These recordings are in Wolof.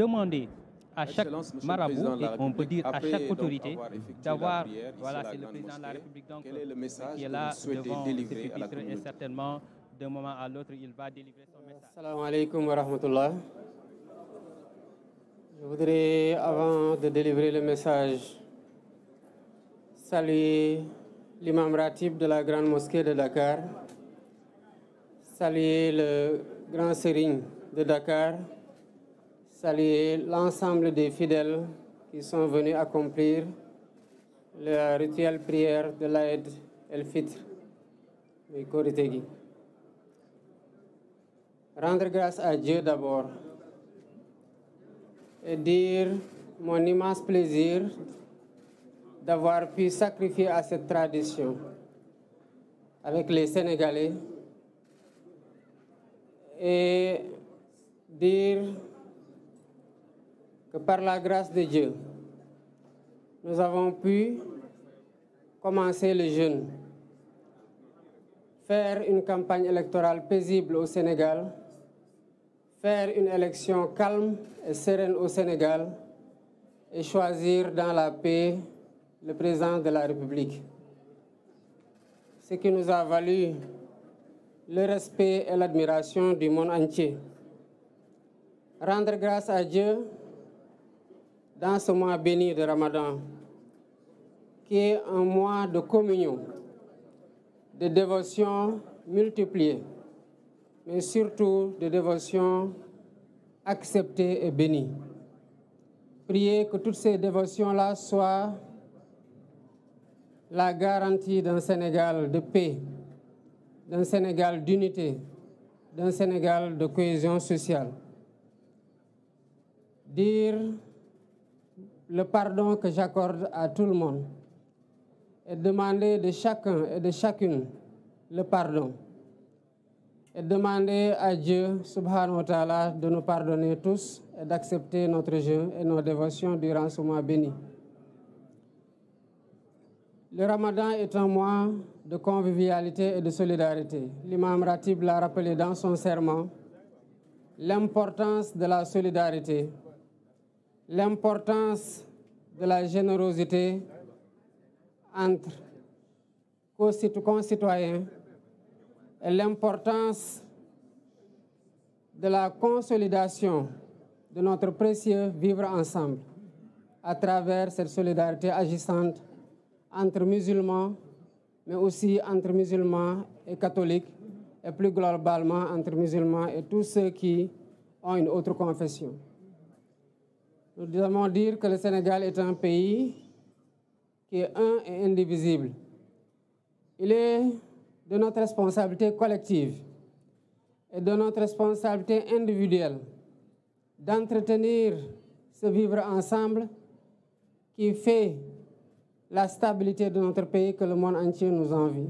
demander à chaque marabout, et on peut dire à chaque autorité, d'avoir, voilà, c'est le président de la République donc, euh, qui est là devant ce et certainement, d'un moment à l'autre, il va délivrer son message. Assalamu alaikum wa rahmatullah. Je voudrais, avant de délivrer le message, saluer l'imam Ratib de la Grande Mosquée de Dakar, saluer le grand sérigne de Dakar, saluer l'ensemble des fidèles qui sont venus accomplir le rituel prière de l'aide El-Fitr Rendre grâce à Dieu d'abord et dire mon immense plaisir d'avoir pu sacrifier à cette tradition avec les Sénégalais et dire que par la grâce de Dieu, nous avons pu commencer le jeûne, faire une campagne électorale paisible au Sénégal, faire une élection calme et sereine au Sénégal et choisir dans la paix le président de la République. Ce qui nous a valu le respect et l'admiration du monde entier. Rendre grâce à Dieu dans ce mois béni de Ramadan, qui est un mois de communion, de dévotion multipliée, mais surtout de dévotion acceptée et bénie. Priez que toutes ces dévotions-là soient la garantie d'un Sénégal de paix, d'un Sénégal d'unité, d'un Sénégal de cohésion sociale. Dire le pardon que j'accorde à tout le monde et demander de chacun et de chacune le pardon. Et demander à Dieu, subhanahu wa ta'ala, de nous pardonner tous et d'accepter notre jeu et nos dévotions durant ce mois béni. Le ramadan est un mois de convivialité et de solidarité. L'imam Ratib l'a rappelé dans son serment, l'importance de la solidarité l'importance de la générosité entre concitoyens et l'importance de la consolidation de notre précieux vivre ensemble à travers cette solidarité agissante entre musulmans, mais aussi entre musulmans et catholiques, et plus globalement entre musulmans et tous ceux qui ont une autre confession. Nous devons dire que le Sénégal est un pays qui est un et indivisible. Il est de notre responsabilité collective et de notre responsabilité individuelle d'entretenir ce vivre ensemble qui fait la stabilité de notre pays que le monde entier nous envie.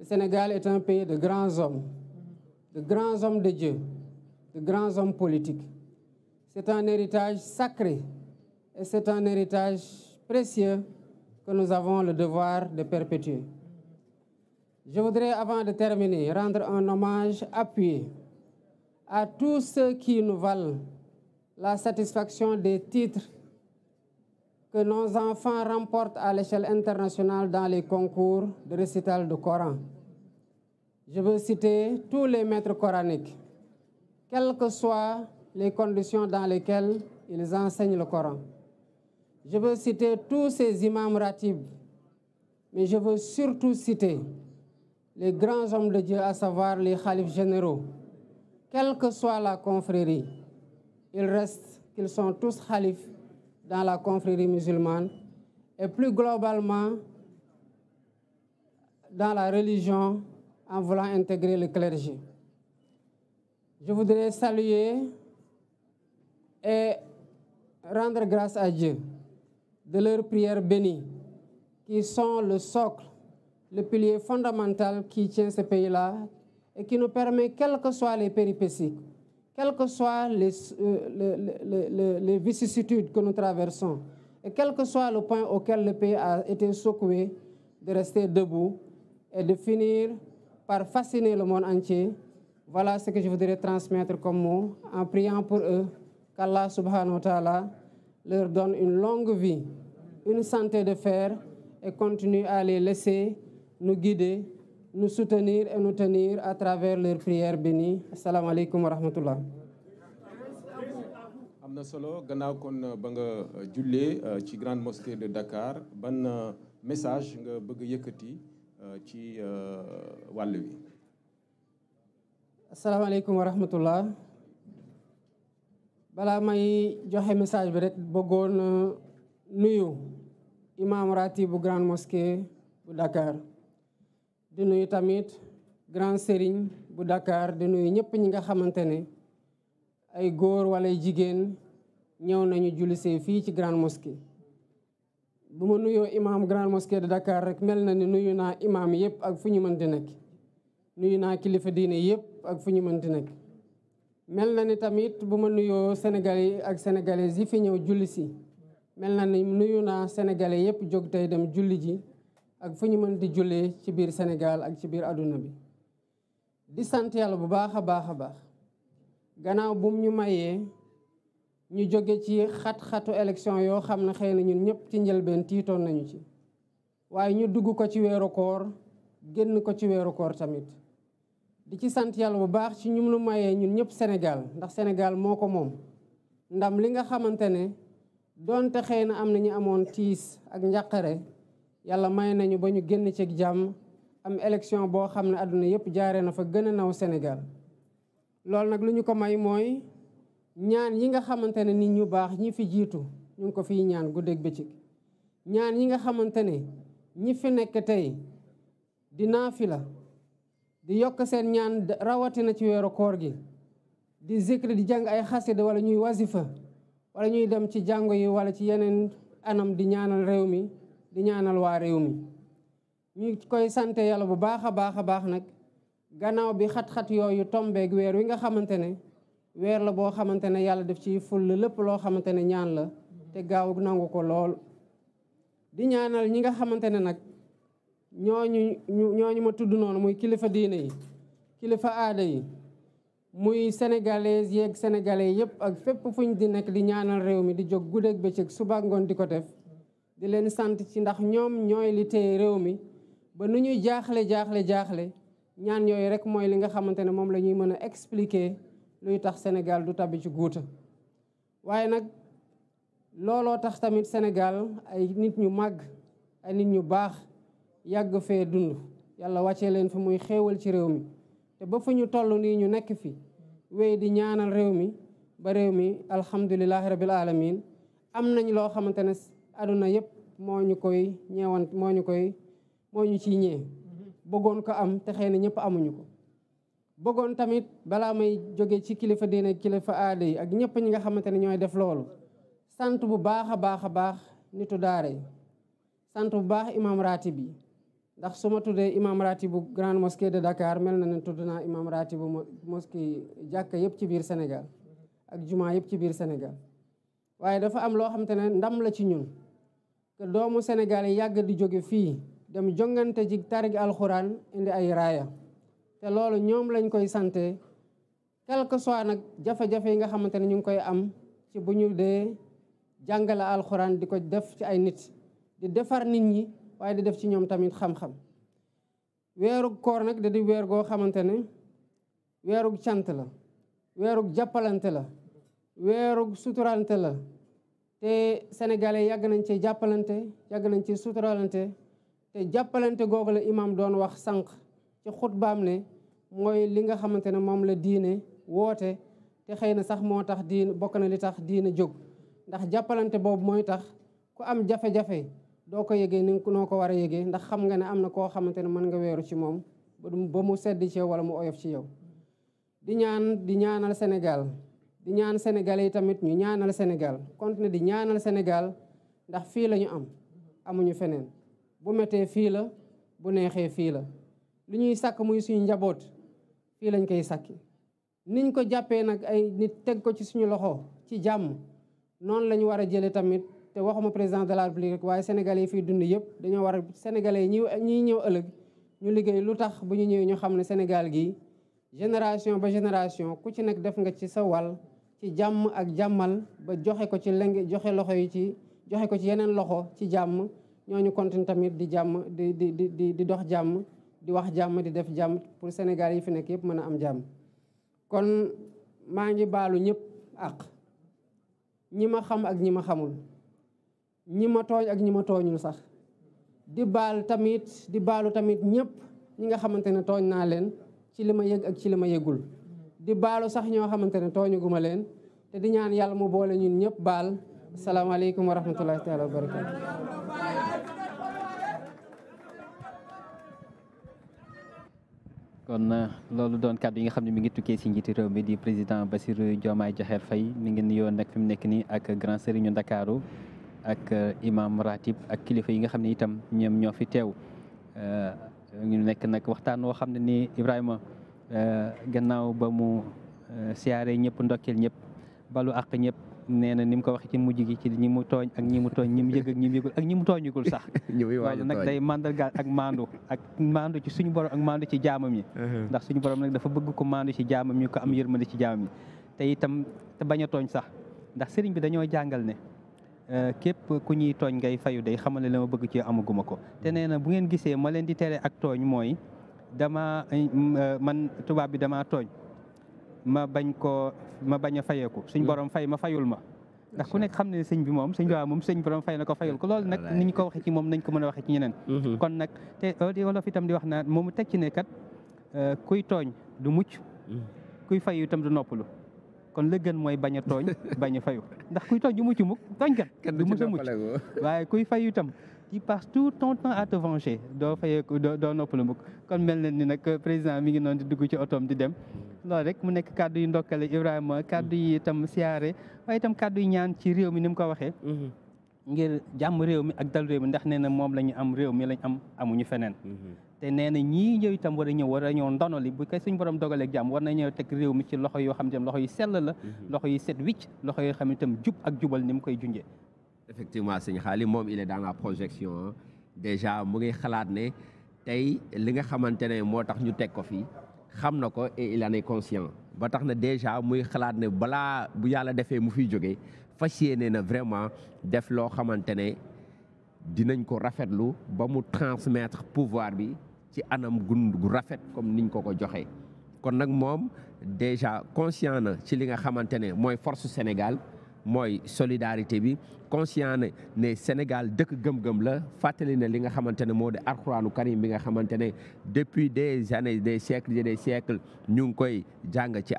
Le Sénégal est un pays de grands hommes, de grands hommes de Dieu, de grands hommes politiques. C'est un héritage sacré et c'est un héritage précieux que nous avons le devoir de perpétuer. Je voudrais, avant de terminer, rendre un hommage appuyé à tous ceux qui nous valent la satisfaction des titres que nos enfants remportent à l'échelle internationale dans les concours de récital du Coran. Je veux citer tous les maîtres coraniques, quel que soit les conditions dans lesquelles ils enseignent le Coran. Je veux citer tous ces imams ratib, mais je veux surtout citer les grands hommes de Dieu, à savoir les khalifs généraux. Quelle que soit la confrérie, il reste qu'ils sont tous khalifs dans la confrérie musulmane et plus globalement dans la religion en voulant intégrer le clergé. Je voudrais saluer et rendre grâce à Dieu de leurs prières bénies, qui sont le socle, le pilier fondamental qui tient ce pays-là et qui nous permet, quelles que soient les péripéties, quelles que soient les, euh, les, les, vicissitudes que nous traversons, et quel que soit le point auquel le pays a été secoué, de rester debout et de finir par fasciner le monde entier. Voilà ce que je voudrais transmettre comme mot en priant pour eux qu'Allah subhanahu wa ta'ala leur donne une longue vie, une santé de fer et continue à les laisser nous guider, nous soutenir et nous tenir à travers leurs prières bénies. Assalamu alaikum wa rahmatullah. am na solo gannaaw kon euh, ba nga euh, euh, ci grande mosquée de Dakar ban message nga bëgg a yëkkati ci wàll Assalamu alaikum wa rahmatullah balaa may joxe message bi rek bëggoon euh, nuyu imam ratib bu grande mosquée bu dakaar di nuyu tamit grand sëriñ bu dakaar di nuyu ñëpp ñi nga xamante ne ay góor wala jigéen ñëw nañu jullisee fii ci grande mosquée bu ma nuyoo imam grande mosquée de Dakar rek mel na ni nuyu naa imaam yëpp ak fu ñu mënti nekk nuyu naa kilifa diine yëpp ak fu ñu mënti nekk mel na ni tamit bu ma nuyoo sénégalais ak sénégalaises yi fi ñëw julli si mel na ni nuyu naa sénégalais yépp jóg tey dem julli ji ak fu ñu mën di jullee ci biir Sénégal ak ci biir àdduna bi di sant bu baax a baax a baax gannaaw bum ñu mayee ñu jóge ci xat-xatu élection yoo xam ne xëy na ñun ñëpp ci njëlbeen tiitoo nañu ci waaye ñu dugg ko ci weeru koor génn ko ci weeru koor tamit di ci sant yàlla bu baax ci ñum lu mayee ñun ñëpp Sénégal ndax Sénégal moo ko moom ndam li nga xamante ne doonte xëy na am na ñu amoon tiis ak njàqare yàlla may nañu ba ñu génn ci jàmm am élection boo xam ne àdduna yëpp jaaree na fa gën a naw Sénégal loolu nag lu ñu ko may mooy ñaan yi nga xamante ne nit ñu baax ñi fi jiitu ñu ngi ko fiy ñaan guddeeg bëccëg ñaan yi nga xamante ne ñi fi nekk tey dinaa fi la di yokk seen ñaan rawatina ci weeru koor gi di zikr di jàng ay xasida wala ñuy wasifa wala ñuy dem ci jàngo yi wala ci yeneen anam di ñaanal réew mi di ñaanal waa réew mi ñu koy sante yàlla bu baax a baax a baax nag gannaaw bi xat-xat yooyu tombeek weer wi nga xamante ne weer la boo xamante ne yàlla def ci full lépp loo xamante ne ñaan la te gaaw nangu ko lool di ñaanal ñi nga xamante ne nag ñooñu ñooñu ma tudd noonu muy kilifa diine yi kilifa aada yi muy sénégalais yeeg sénégalais yépp ak fépp fuñ di nekk di ñaanal réew mi di jóg guddeeg bëccëg suba ngoon di ko def di leen sant ci ndax ñoom ñooy li téye réew mi ba nu ñuy jaaxle jaaxle jaaxle ñaan yooyu rek mooy li nga xamante ne moom lañuy mën a expliquer luy tax senegal du tabbi ci guuta waaye nag looloo tax tamit senegal ay nit ñu màgg ay nit ñu baax yàgg fee dund yàlla wàcce leen fi muy xéewal ci réew mi te ba fu ñu toll nii ñu nekk fi wéy di ñaanal réew mi ba réew mi alhamdulilahi rabil alamin am nañ loo xamante ne àdduna yëpp moo ñu koy ñeewant moo ñu koy moo ñu ci ñee bëggoon ko am te xëy na ñëpp amuñu ko bëggoon tamit balaa may jóge ci kilifa diine kilifa aada yi ak ñëpp ñi nga xamante ne ñooy def loolu sant bu baax a baax a baax nitu daara yi sant bu baax imam ratib yi ndax su ma tuddee imam ratib bu grande mosquée de dakaar mel na ne tudd naa imam ratib bu mosquée jàkka yëpp ci biir Sénégal ak jumaa yëpp ci biir Sénégal waaye dafa am loo xam ne ndam la ci ñun que doomu Sénégal yi yàgg di jóge fii dem jongante ci tarig alxuraan indi ay raaya te loolu ñoom lañ koy sante quelque que nag jafe-jafe yi nga xamante ne ñu ngi koy am ci bu ñu dee jàngale alxuraan di ko def ci ay nit di defar nit ñi waaye di def ci ñoom tamit xam-xam weeru koor nag da di weer goo xamante ne weerug cant la weerug jàppalante la weerug suturalante la te sénégalais yàgg nañ ci jàppalante yàgg nañ ci suturalante te jàppalante googu la imaam doon wax sànq ci xutbaam ne mooy li nga xamante ne moom la diine woote te xëy na sax moo tax diine bokk na li tax a jóg ndax jàppalante boobu mooy tax ku am jafe-jafe doo ko yégee ni noo ko war a yëgee ndax xam nga ne am na koo xamante ne mën nga weeru ci moom ba mu sedd ci yow wala mu oyof ci yow di ñaan di ñaanal Sénégal di ñaan sénégalais yi tamit ñu ñaanal Sénégal continuer di ñaanal senegaal ndax fii lañu am amuñu feneen bu mettee fii la bu neexee fii la li ñuy sàkk muy suñu njaboot fii lañ koy sàkki niñ ko jàppee nag ay nit teg ko ci suñu loxo ci jàmm noonu lañu war a jëlee tamit te waxuma président de la république waye sénégalais fi dund yépp dañu war sénégalais ñi ñi ñëw ëlëk ñu liggéey lutax bu ñu ñëw ñu xamné Sénégal gi génération ba génération ku ci nek def nga ci sa wal ci jamm ak jamal ba joxé ko ci leng joxé loxo yi ci joxé ko ci yenen loxo ci jamm ñoñu continue tamit di jamm di di di di dox jamm di wax jamm di def jamm pour Sénégal yi fi nek yépp mëna am jamm kon maa ngi baalu ñëpp ak ñima ma xam ak ñima ma xamul ñi ma tooñ ak ñi ma tooñul sax di baal tamit di baalu tamit ñëpp ñi nga xamante ne tooñ naa leen ci li ma yëg ak ci li ma yëgul di baalu sax ñoo xamante ne tooñuguma leen te di ñaan yàlla mu boole ñun ñëpp baal asalaamaaleykum wa rahmatullahi taala wa barakatu kon euh, loolu doon kàddu bi nga xam ne mi ngi tukkee si njiiti réew mi di président ba Bassirou Diomaye Diakhar fay mi ngi nuyoo nag fi mu nekk nii ak grand serigne Ndakaaru ak euh, imam ratib ak kilifa yi nga xam ne itam ñoom ñoo fi teew euh, ñu nekk nag waxtaan woo xam ne nii Ibrahima euh, gannaaw ba mu siyaare ñëpp ndokkeel ñëpp balu àq ñëpp nee na ni mu ko waxee ci mujj gi ci ñi mu tooñ ak ñi mu tooñ ñi mu yëg ak ñi mu ak ñi mu tooñugul sax loolu nag day mandargaal ak maandu ak maandu ci suñu borom ak maandu ci jaamam yi uh-huh. ndax suñu borom nag dafa bëgg ko maandu ci jaamam yi ko am yërmande ci jaamam yi te itam te bañ a tooñ sax ndax sëriñ bi dañoo jàngal ne Euh, képp ku ñuy tooñ ngay fayu day xamale la ma bëgg ci amaguma ko te nee bu ngeen gisee ma leen di tere ak tooñ mooy dama eh, euh, man tubaab bi damaa tooñ ma bañ ko ma bañ a fayeeku suñ hmm. borom fay ma fayul ma ndax ku nekk xam ne sëñ bi moom sëñ bi moom sëñ borom fay na ko fayul ko lool nag ni ñu ko waxee ci moom nañ ko mën a waxee ci ñeneen hmm. kon nag te euh, wolof itam di wax naa moomu teg ci ne kat kuy tooñ du mucc hmm. kuy fayu itam du noppalu kon la gën mooy bañ a tooñ bañ a fayu ndax kuy tooñ du mucc mukk tooñ kat du mës a waaye kuy fayu itam tu passes tout ton temps à te venger doo fayeeku doo doo noppalu mukk kon mel na ni nag président mi ngi noon di dugg ci otoom di dem loolu rek mu nekk kàddu yu ndokkale Ibrahima kàddu yi itam siyaare waaye itam kàddu yi ñaan ci réew mi ni mu ko waxee mhm. ngir jàmm réew mi ak dal réew mi ndax nee na moom la ñu am réew mi lañ am amuñu feneen mhm. te nee na ñii ñëw itam war a ñëw war a ñëw ndono li bu koy suñ borom dogaleeg jàmm war na ñëw teg réew mi ci loxo yoo xam ne loxo yu sell la mhm. loxo yu set wicc loxo yoo xam ne tam jub ak jubal ni mu koy junjee effectivement sëñ Xaali moom il est dans la projection déjà mu ngi xalaat ne tey li nga xamante ne moo tax ñu teg ko fii xam na ko et il en conscient ba tax na déjà muy xalaat ne balaa bu yàlla defee mu fiy jógee fas yéene na vraiment def loo xamante ne dinañ ko rafetlu ba mu transmettre pouvoir bi ci anam gu rafet comme niñ ko ko joxee kon nag moom déjà conscient na ci li nga xamante ne mooy force Sénégal moy solidarité bi conscient né Sénégal dëkk gëm-gëm la fatali ne li nga xamante ne moo karim bi nga depuis des années des siècles des siècles ñu ngi koy jang ci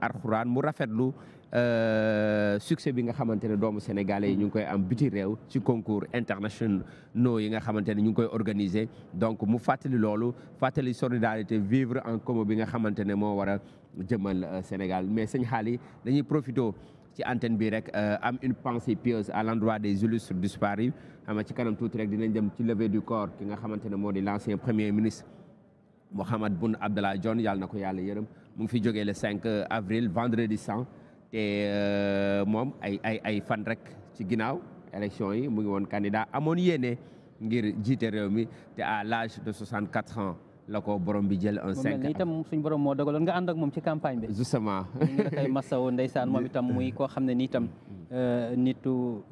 mu rafetlu euh, succès bi nga xamante doomu sénégalais yi ñu ngi koy am biti rew ci concours international yi nga xamante ñu ngi koy organiser donc mu fatel lolu fatali solidarité vivre en commun bi nga xamante mo wara jëmal euh, Sénégal mais sëñ xaali dañuy profité ci antenne bi rek euh, am une pensée pieuse à l'endroit des illustres disparus xam ci kanam tout rek dinañ dem ci lever du corps ki nga xamantene modi l'ancien premier ministre Mohamed Boun Abdallah Dionne yàlla na ko yàlla mu fi jógee le 5 euh, avril vendredi saint te euh, mom ay ay ay fan rek ci ginaaw élection yi mu ngi won candidat amone yéene ngir jité rew mi té à l'âge de 64 ans la ko borom bi jël en cinq ans itam borom moo dogaloon nga ànd ak moom ci campagne bi. justement ñu ngi la koy masawu ndeysaan moom itam muy koo xam ne tam nit euh, nitu.